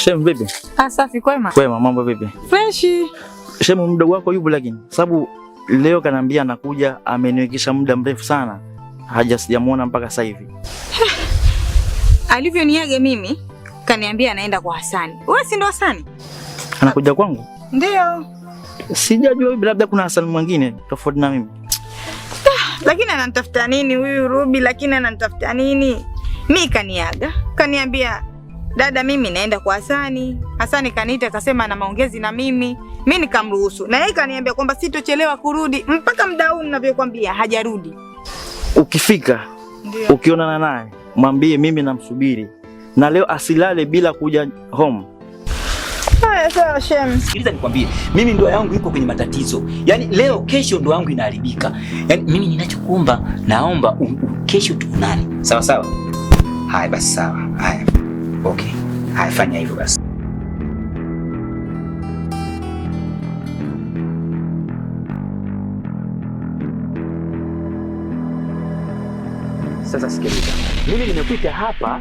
Shemu vipi? Ah, safi kwema. Kwema, mambo vipi? Fresh. Shemu mdogo wako yupo lakini, sababu leo kanaambia anakuja, ameniwekesha muda mrefu sana, haja sijamuona mpaka sasa hivi. Alivyoniaga mimi kaniambia anaenda kwa Hasani. Wewe si ndo Hasani? Anakuja kwangu? Ndio. Sijajua bibi, labda kuna Hasani mwingine tofauti na mimi. Lakini ananitafuta nini huyu Rubi? Lakini ananitafuta nini? Mimi kaniaga, kaniambia Dada, mimi naenda kwa Hasani. Hasani kaniita akasema ana maongezi na mimi, mi nikamruhusu, na yeye kaniambia kwamba sitochelewa kurudi. Mpaka muda huu ninavyokwambia hajarudi. Ukifika Ndiyo. ukionana naye mwambie mimi namsubiri na leo asilale bila kuja home. Haya, sawa shem. Sikiliza nikwambie, mimi ndoa yangu iko kwenye matatizo, yaani leo kesho ndoa yangu inaharibika. Yaani mimi ninachokuomba, naomba kesho tukunane. sawa sawa? Haya basi, sawa haya. Okay, haya fanya hivyo basi. Sasa sikiliza, mimi nimekuita hapa,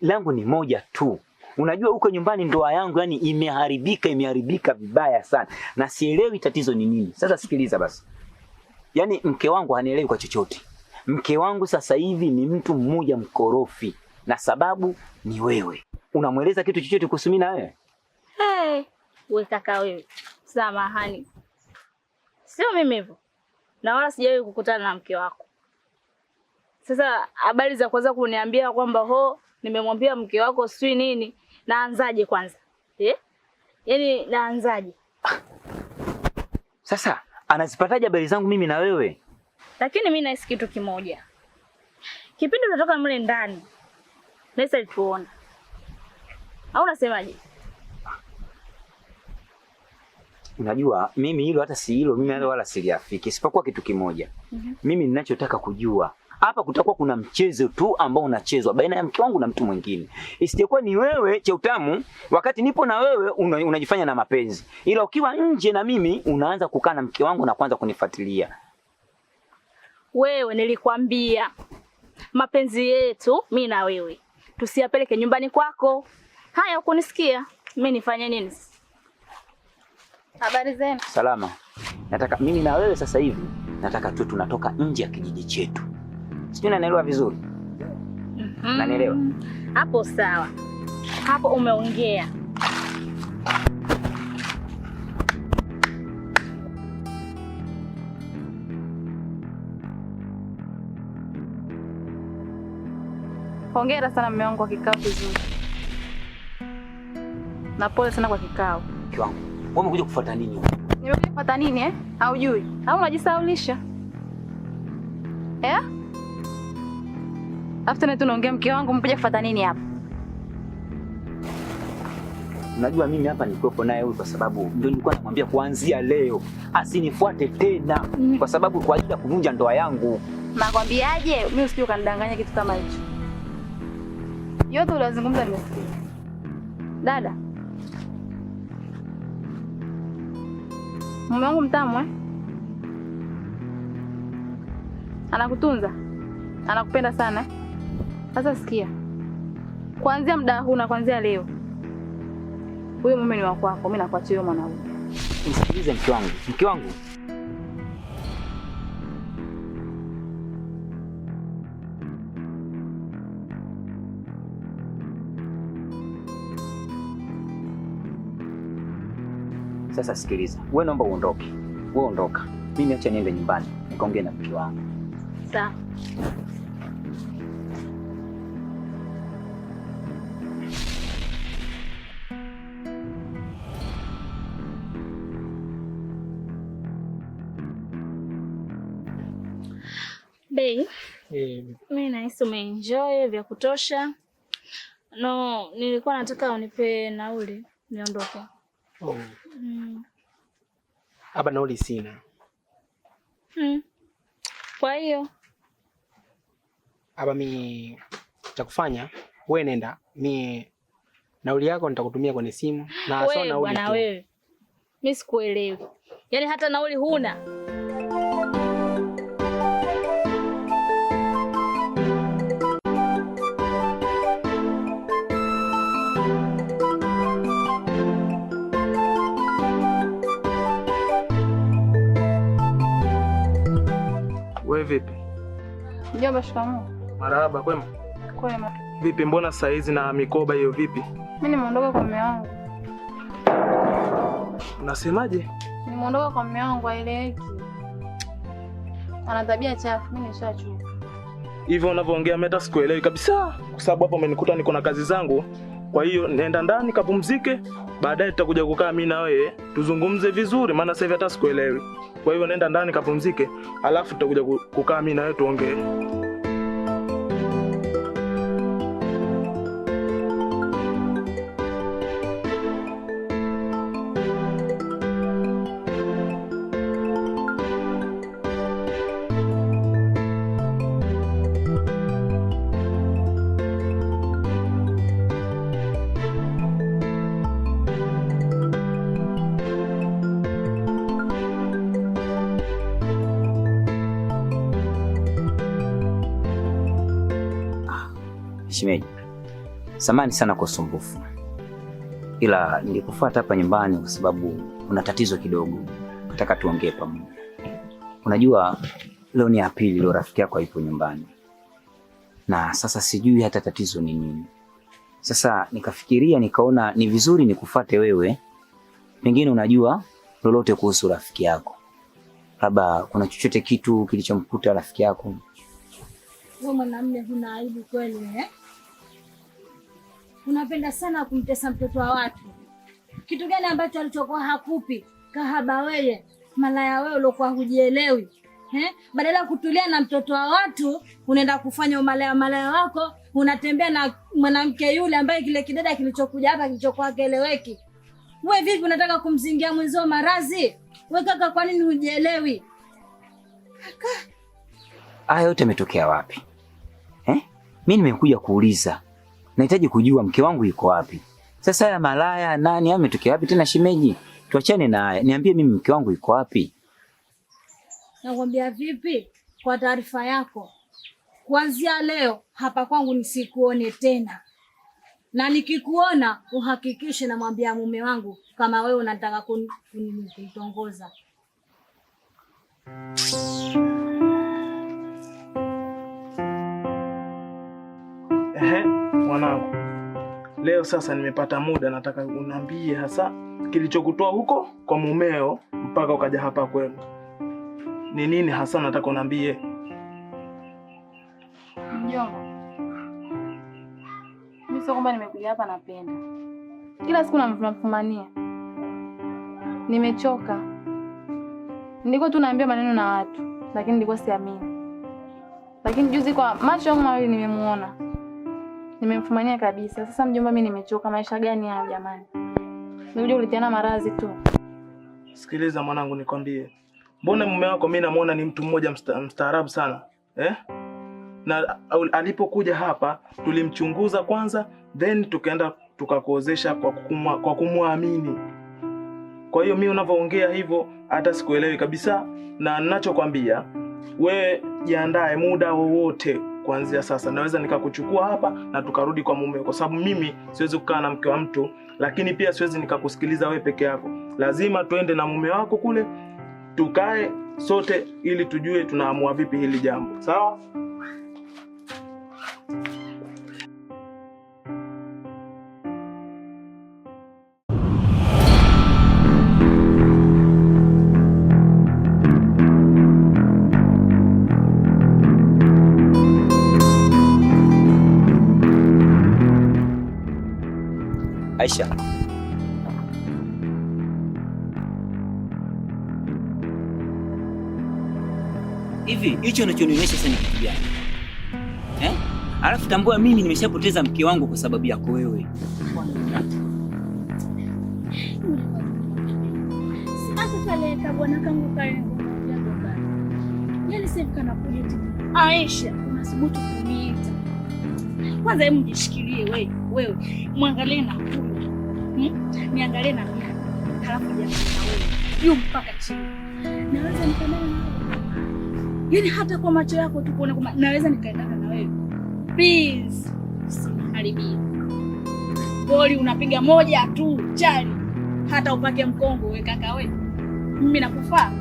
langu ni moja tu. Unajua huko nyumbani ndoa yangu yani imeharibika, imeharibika vibaya sana, na sielewi tatizo ni nini. Sasa sikiliza basi, yani mke wangu hanielewi kwa chochote. Mke wangu sasa hivi ni mtu mmoja mkorofi na sababu ni wewe. Unamweleza kitu chochote kuhusu mimi na wewe? Hey, we wewe, samahani, sio mimi hivyo, na wala sijawahi kukutana na mke wako. Sasa habari za kwanza kuniambia kwamba ho nimemwambia mke wako sijui nini, naanzaje kwanza eh? Yaani naanzaje sasa? Anazipataje habari zangu mimi na wewe? Lakini mimi nahisi kitu kimoja, kipindi unatoka mle ndani Nesa tuona au unasemaje? Unajua mimi hilo hata si hilo mimi hata wala siliafiki, isipokuwa kitu kimoja. mm -hmm. Mimi ninachotaka kujua hapa kutakuwa kuna mchezo tu ambao unachezwa baina ya mke wangu na mtu mwingine, isijakuwa ni wewe Cheutamu, wakati nipo na wewe unajifanya na mapenzi, ila ukiwa nje na mimi unaanza kukaa na mke wangu na kuanza kunifuatilia wewe. Nilikwambia mapenzi yetu mi na wewe tusiyapeleke nyumbani kwako. Haya, ukunisikia mimi nifanye nini? Habari zenu? Salama. Nataka mimi na wewe sasa hivi nataka tu tunatoka nje ya kijiji chetu, sijui nanaelewa vizuri? mm -hmm. Nanielewa hapo. Sawa, hapo umeongea Hongera sana mume wangu kwa kikao kizuri, na pole sana kwa kikao. Kiwangu, wewe umekuja kufuata nini? Nimekuja kufuata nini eh? Haujui au unajisahulisha? eh? Afu netu naongea mke wangu, umekuja kufuata nini hapa? Unajua mimi hapa nilikuwepo naye huyu kwa sababu ndio nilikuwa namwambia kuanzia leo asinifuate tena kwa sababu kwa ajili ya kuvunja ndoa yangu. Nakwambiaje mimi, usijue kanidanganya kitu kama hicho yote uliyozungumza nimesikia. Dada, mume wangu mtamwe eh? Anakutunza, anakupenda sana. Eh? Sasa Sikia, kuanzia muda huu na kuanzia leo, huyu mume ni wa kwako, mimi nakuachia huyo mwanaume. Msikilize mke wangu, mke wangu Sasa sikiliza, we naomba uondoke, we ondoka, mimi acha niende nyumbani nikaongea na mke wangu. Sawa. Bei, yeah. Mi nahisi umeenjoy vya kutosha. No, nilikuwa nataka unipe nauli niondoke. Oh. Mm. Aba nauli sina. Mm. Kwa hiyo aba mi cha kufanya wewe nenda mi nauli yako nitakutumia kwenye simu na sio nauli. Bwana wewe. Mimi sikuelewi. Yaani hata nauli huna. vipi? Mjomba, shikamoo. Marahaba, kwema? Kwema. Vipi, mbona saizi na mikoba hiyo vipi? Mimi nimeondoka kwa mume wangu. Unasemaje? Nimeondoka kwa mume wangu, aeleweki. Ana tabia chafu, mimi nishachoka. Hivyo unavyoongea mimi hata sikuelewi kabisa, kwa sababu hapo umenikuta niko na kazi zangu. Kwa hiyo nenda ndani kapumzike, baadaye tutakuja kukaa mimi na wewe tuzungumze vizuri, maana sasa hivi hata sikuelewi. Kwa hiyo nenda ndani kapumzike, alafu tutakuja kukaa mimi na wewe tuongee. Shemeji, samani sana kwa usumbufu, ila nilikufuata hapa nyumbani kwa sababu una tatizo kidogo, nataka tuongee pamoja. Unajua leo ni ya pili leo rafiki yako haipo nyumbani, na sasa sijui hata tatizo ni nini. Sasa nikafikiria nikaona ni vizuri nikufuate wewe, pengine unajua lolote kuhusu rafiki yako, labda kuna chochote kitu kilichomkuta rafiki yako. Wewe mwanamume huna aibu kweli eh? unapenda sana kumtesa mtoto wa watu. Kitu gani ambacho alichokuwa hakupi? Kahaba wewe, malaya wewe, uliokuwa hujielewi eh? Badala ya kutulia na mtoto wa watu unaenda kufanya umalaya malaya wako, unatembea na mwanamke yule ambaye kile kidada kilichokuja hapa kilichokuwa keleweki. Wewe vipi unataka kumzingia mwenzio marazi? Wewe kaka, kwa nini hujielewi? Haya yote ametokea wapi eh? Mimi nimekuja kuuliza nahitaji kujua mke wangu yuko wapi. Sasa haya malaya nani ametokea wapi tena? Shemeji, tuachane na haya, niambie mimi mke wangu yuko wapi? Nakwambia vipi, kwa taarifa yako, kuanzia leo hapa kwangu nisikuone tena, na nikikuona uhakikishe namwambia mume wangu kama wewe unataka kunitongoza mwanangu, leo sasa nimepata muda, nataka uniambie hasa kilichokutoa huko kwa mumeo mpaka ukaja hapa kwenu ni nini hasa, nataka uniambie mjomba. Mimi sio kwamba nimekuja hapa napenda, kila siku namfumania, nimechoka. Nilikuwa tu naambia maneno na watu, lakini nilikuwa siamini, lakini juzi kwa macho yangu mawili nimemuona Nimemfumania kabisa. Sasa mjomba, mimi nimechoka. Maisha gani haya jamani? Nikuja kulitiana maradhi tu. Sikiliza mwanangu, nikwambie, mbona mume wako mimi namuona ni mtu mmoja msta, mstaarabu sana eh? na alipokuja hapa tulimchunguza kwanza, then tukaenda tukakuozesha kwa kumwa, kwa kumwamini. Kwa hiyo mimi unavyoongea hivyo hata sikuelewi kabisa, na ninachokwambia we jiandae muda wowote kuanzia sasa naweza nikakuchukua hapa na tukarudi kwa mume, kwa sababu mimi siwezi kukaa na mke wa mtu, lakini pia siwezi nikakusikiliza wewe peke yako. Lazima tuende na mume wako kule, tukae sote ili tujue tunaamua vipi hili jambo, sawa? Hivi hicho unachonionyesha sasa ni kitu gani? Eh? Alafu tambua mimi nimeshapoteza mke wangu kwa sababu yako wewe. Yaani Aisha, unasubutu kuniita. Kwanza hebu jishikilie wewe, wewe. Muangalie na huyo. Hmm? Niangalie na mimi. Halafu jamaa wewe. Juu mpaka chini. Naweza nikanana Yaani hata kwa macho yako tu kuona kama naweza nikaendana na wewe. Please, Usiharibie. Boli unapiga moja tu, chali. Hata upake mkongo wewe kaka wewe. Mimi nakufaa.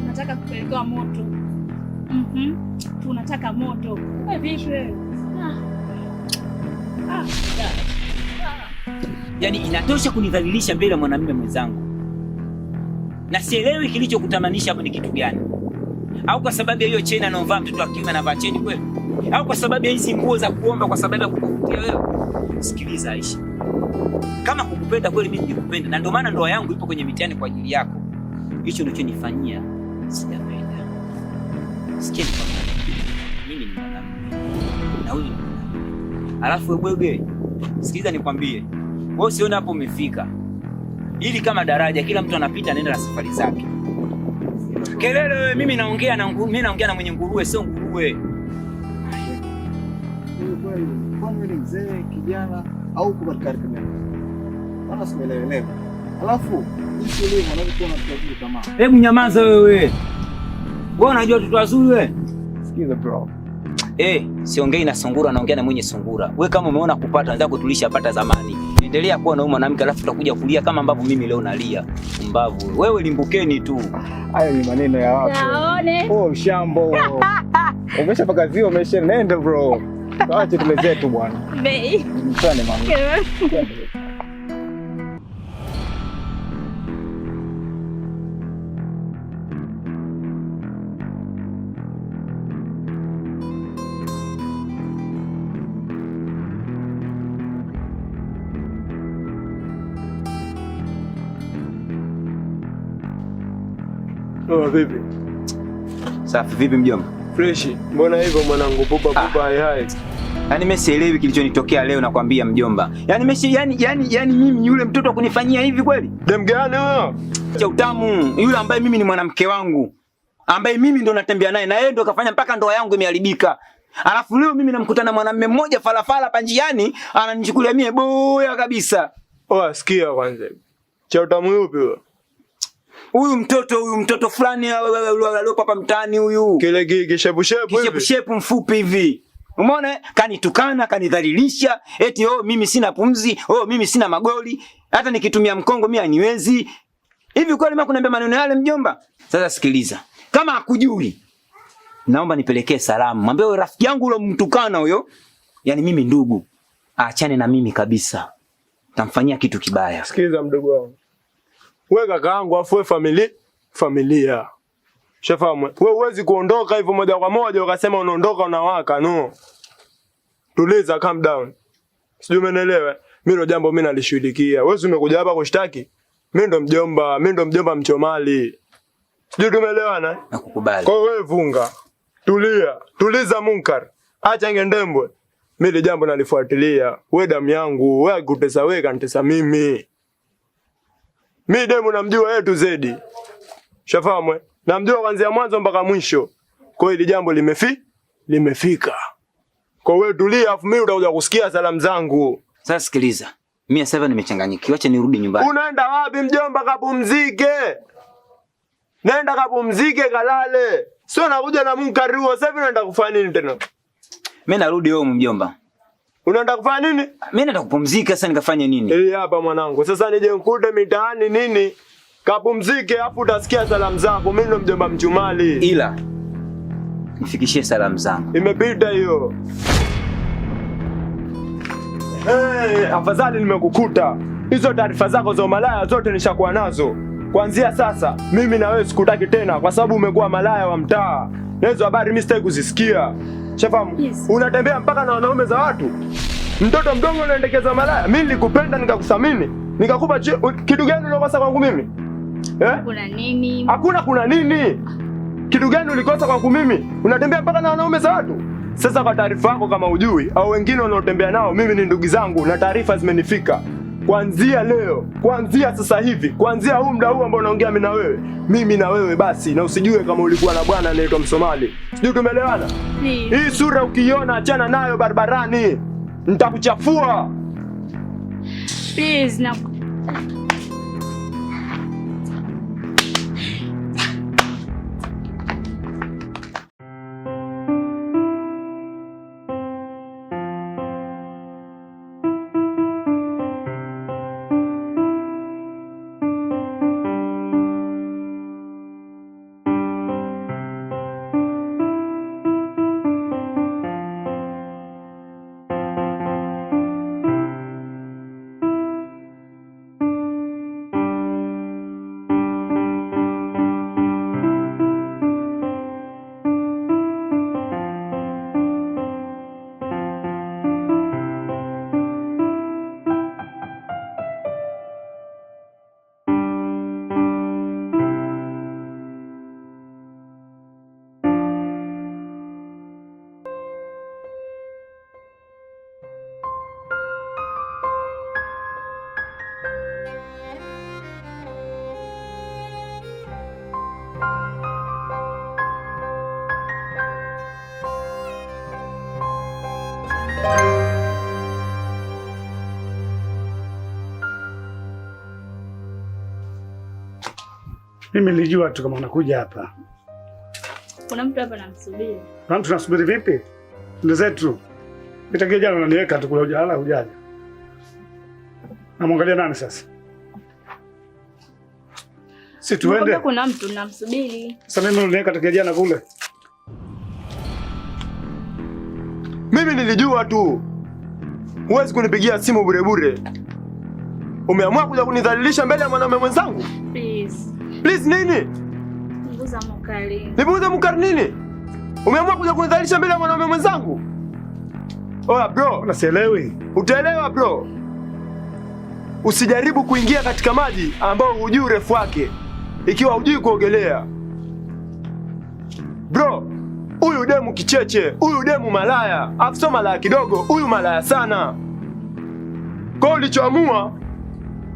Tunataka kupelekewa moto. Mhm. Mm, tunataka moto. Wewe vipi wewe? Ah. Ah. Yaani inatosha kunidhalilisha mbele ya mwanamume mwenzangu. Na sielewi kilichokutamanisha hapo ni kitu gani. Au kwa sababu ya hiyo cheni anaovaa mtoto wa kiume anavaa cheni kweli? Au kwa sababu ya hizi nguo za kuomba kwa sababu ya kukuvutia wewe? Sikiliza Aisha. Kama kukupenda kweli mimi nikupenda na ndio maana ndoa yangu ipo kwenye mitihani kwa ajili yako. Hicho nifanyia, sijapenda. Sikia mimi ni mwanamke. Na huyu ni mwanamke. Alafu wewe bwege, sikiliza nikwambie. Wewe usione hapo umefika. Ili kama daraja kila mtu anapita anaenda na safari zake kelele wewe. Mimi naongea na mimi naongea na mwenye nguruwe, sio nguruwe. Ni mzee kijana au uko katika rika gani? Bana sielewi. Alafu kama hebu nyamaza wewe. Wewe unajua tutu wazuri wewe? Sikiza bro. Eh, siongei na sungura, naongea na mwenye sungura. Wewe kama umeona kupata, anza kutulisha pata zamani utaendelea kuwa na mwanamke alafu utakuja kulia kama ambavyo mimi leo nalia. Mbavu wewe, limbukeni tu. Hayo ni maneno ya wapi? Naone. Oh, shambo. Umesha paka umesha nenda bro. Acha tumezetu bwana. Bei. Msane mama. Oh, vipi? Safi, vipi mjomba? Freshi. Mbona hivyo mwanangu popa popa ah. hai hai. Yaani mimi sielewi kilichonitokea leo nakwambia mjomba. Yaani mimi yani yani yani mimi yule mtoto akunifanyia hivi kweli? Dem gani wewe? Cha utamu, yule ambaye mimi ni mwanamke wangu. Ambaye mimi ndo natembea naye na yeye ndo kafanya mpaka ndoa yangu imeharibika. Alafu leo mimi namkutana mwanamume mmoja falafala hapa njiani ananichukulia mie boya kabisa. Oa, sikia kwanza. Cha utamu yupi wewe? huyu mtoto huyu mtoto fulani aliopa hapa mtaani huyu kile kishepu shepu kishepu shepu mfupi hivi Umeona, kanitukana kanidhalilisha, eti oh, mimi sina pumzi, oh, mimi sina magoli, hata nikitumia mkongo mimi haniwezi. Hivi kweli mimi kuniambia maneno yale mjomba? Sasa sikiliza. Kama hakujui, naomba nipelekee salamu. Mwambie wewe rafiki yangu ule mtukana huyo, yani mimi ndugu, aachane na mimi kabisa. Tamfanyia kitu kibaya. Sikiliza mdogo wangu we kaka yangu, afu wewe famili familia shafahamu. we uwezi kuondoka hivyo moja kwa moja ukasema unaondoka unawaka, no. Tuliza, calm down, sijui umeelewa. Mimi ndo jambo mimi nalishuhudikia. Wewe si umekuja hapa kushtaki, mimi ndo mjomba, mimi ndo mjomba mchomali, sijui tumeelewana. Nakukubali. Kwa hiyo wewe vunga, tulia, tuliza munkar, acha ngendembwe. Mimi ndo jambo nalifuatilia, Wewe damu yangu, wewe akutesa wewe kanitesa mimi Mi demu namjua yeye tu Zedi. Shafahamu eh? Namjua kuanzia mwanzo mpaka mwisho. Kwa hiyo jambo limefi limefika. Kwa wewe tulia, afu mimi utakuja kusikia salamu zangu. Sasa sikiliza. Mimi sasa nimechanganyikiwa, acha nirudi nyumbani. Unaenda wapi mjomba? Kapumzike. Nenda kapumzike, kalale. Sio nakuja na munkari huo. Sasa hivi naenda kufanya nini tena? Mimi narudi home mjomba. Unaenda kufanya nini? Mimi naenda kupumzika sasa nikafanye nini? Eh, hapa mwanangu. Sasa nije nikute mitaani nini? Kapumzike afu utasikia salamu zangu. Mimi ndo mjomba Mchumali. Ila nifikishie salamu zangu. Imepita hiyo. Hey, afadhali nimekukuta. Hizo taarifa zako za malaya zote nishakuwa nazo. Kuanzia sasa mimi na wewe sikutaki tena kwa sababu umekuwa malaya wa mtaa. Na hizo habari mimi sitaki kuzisikia. Shafamu, yes. Unatembea mpaka na wanaume za watu, mtoto mdogo unaendekeza malaya. Mimi nilikupenda nikakuthamini nikakupa kitu gani ulikosa kwangu mimi eh? Kuna nini? Hakuna kuna nini? Kitu gani ulikosa kwangu mimi? Unatembea mpaka na wanaume za watu. Sasa kwa taarifa yako, kama ujui au wengine wanaotembea nao, mimi ni ndugu zangu na taarifa zimenifika kuanzia leo, kuanzia sasa hivi, kuanzia huu muda huu ambao naongea mimi na wewe, mimi na wewe basi, na usijue kama ulikuwa na bwana anaitwa Msomali. Sijui tumeelewana? Hii sura ukiiona, achana nayo barabarani, nitakuchafua. Please, na Mimi nilijua tu kama unakuja hapa. Kuna mtu hapa anamsubiri. Kuna mtu anasubiri vipi? Ndio zetu. Nitakia jana unaniweka tu kule hujala hujaja. Namwangalia nani sasa? Si tuende. Kuna mtu namsubiri. Sasa mimi unaniweka takia jana kule. Mimi nilijua tu. Huwezi kunipigia simu bure bure. Umeamua kuja kunidhalilisha mbele ya mwanaume mwenzangu? Please nini? Mbuza mukari. Nibuza mukari nini? Umeamua kuja kunidhalisha mbele ya mwanaume mwenzangu? Oya bro, nasielewi. Utaelewa bro. Usijaribu kuingia katika maji ambayo hujui urefu wake ikiwa hujui kuogelea. Bro, huyu demu kicheche, huyu demu malaya, afu malaya kidogo, huyu malaya sana. Kwa ulichoamua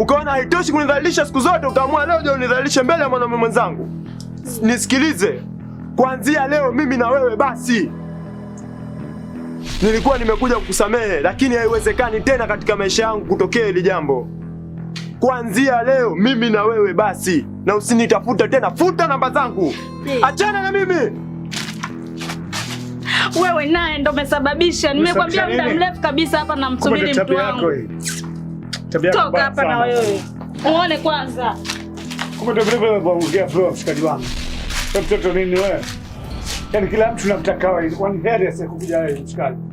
ukaona haitoshi kunidhalilisha siku zote, ukaamua leo je unidhalilishe mbele ya mwanamume mwenzangu. Nisikilize, kuanzia leo mimi na wewe basi. Nilikuwa nimekuja kukusamehe, lakini haiwezekani tena katika maisha yangu kutokea hili jambo. Kuanzia leo mimi na wewe basi, na usinitafute tena. Futa namba zangu, achana na mimi. Wewe naye ndo umesababisha. Nimekwambia muda mrefu kabisa hapa, namsubiri mtu wangu. Toka hapa na wewe. Uone kwanza. Mshikaji wangu. Mtoto nini wewe? Yaani kila mtu namtaka wewe. Mshikaji.